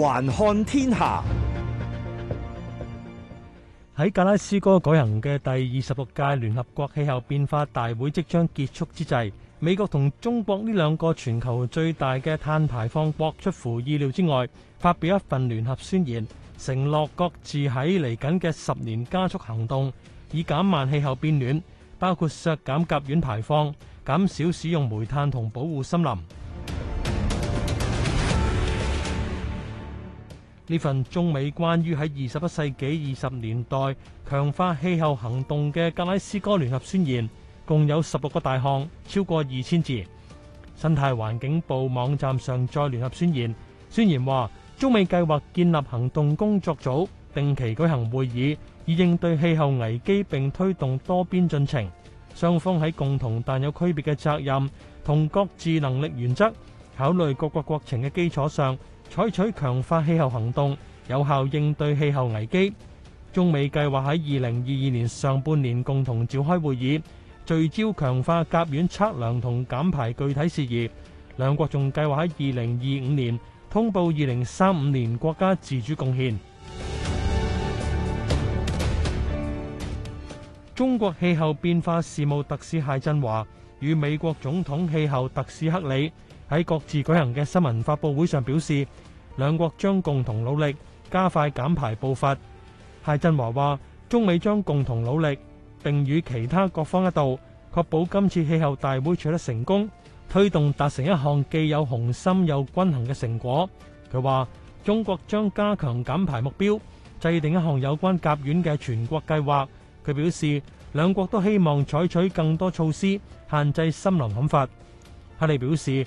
環看天下。喺格拉斯哥舉行嘅第二十六屆聯合國氣候變化大會即將結束之際，美國同中國呢兩個全球最大嘅碳排放國出乎意料之外，發表一份聯合宣言，承諾各自喺嚟緊嘅十年加速行動，以減慢氣候變暖，包括削減甲烷排放、減少使用煤炭同保護森林。呢份中美關於喺二十一世紀二十年代強化氣候行動嘅格拉斯哥聯合宣言，共有十六個大項，超過二千字。生態環境部網站上載聯合宣言，宣言話中美計劃建立行動工作組，定期舉行會議，以應對氣候危機並推動多邊進程。雙方喺共同但有區別嘅責任同各自能力原則考慮各國國情嘅基礎上，採取強化氣候行動，有效應對氣候危機。中美計劃喺二零二二年上半年共同召開會議，聚焦強化甲烷測量同減排具體事宜。兩國仲計劃喺二零二五年通報二零三五年國家自主貢獻。中國氣候變化事務特使解振華與美國總統氣候特使克里。喺各自舉行嘅新聞發佈會上表示，兩國將共同努力加快減排步伐。解振華話：中美將共同努力，並與其他各方一道確保今次氣候大會取得成功，推動達成一項既有雄心又均衡嘅成果。佢話：中國將加強減排目標，制定一項有關甲烷嘅全國計劃。佢表示，兩國都希望採取更多措施限制森林砍伐。克里表示。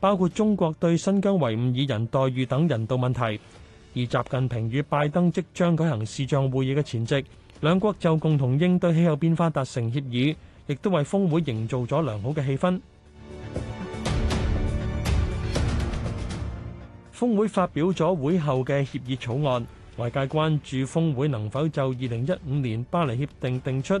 包括中國對新疆維吾爾人待遇等人道問題，而習近平與拜登即將舉行視像會議嘅前夕，兩國就共同應對氣候變化達成協議，亦都為峰會營造咗良好嘅氣氛。峰會發表咗會後嘅協議草案，外界關注峰會能否就二零一五年巴黎協定定出。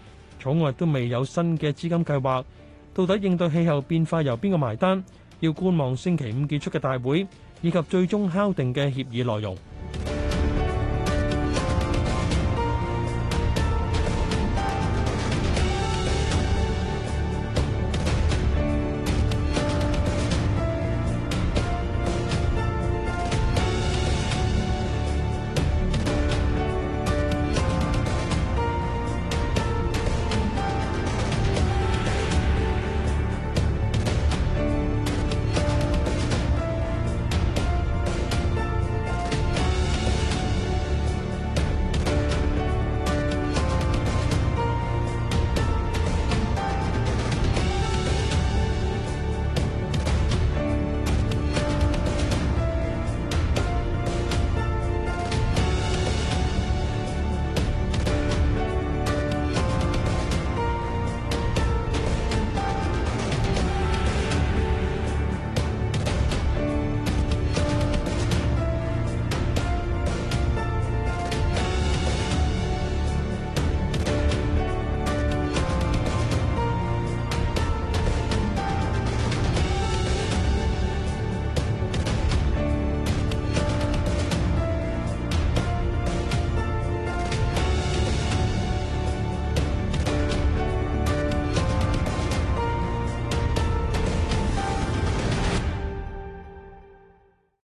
草案都未有新嘅資金計劃，到底應對氣候變化由邊個埋單？要觀望星期五結束嘅大會，以及最終敲定嘅協議內容。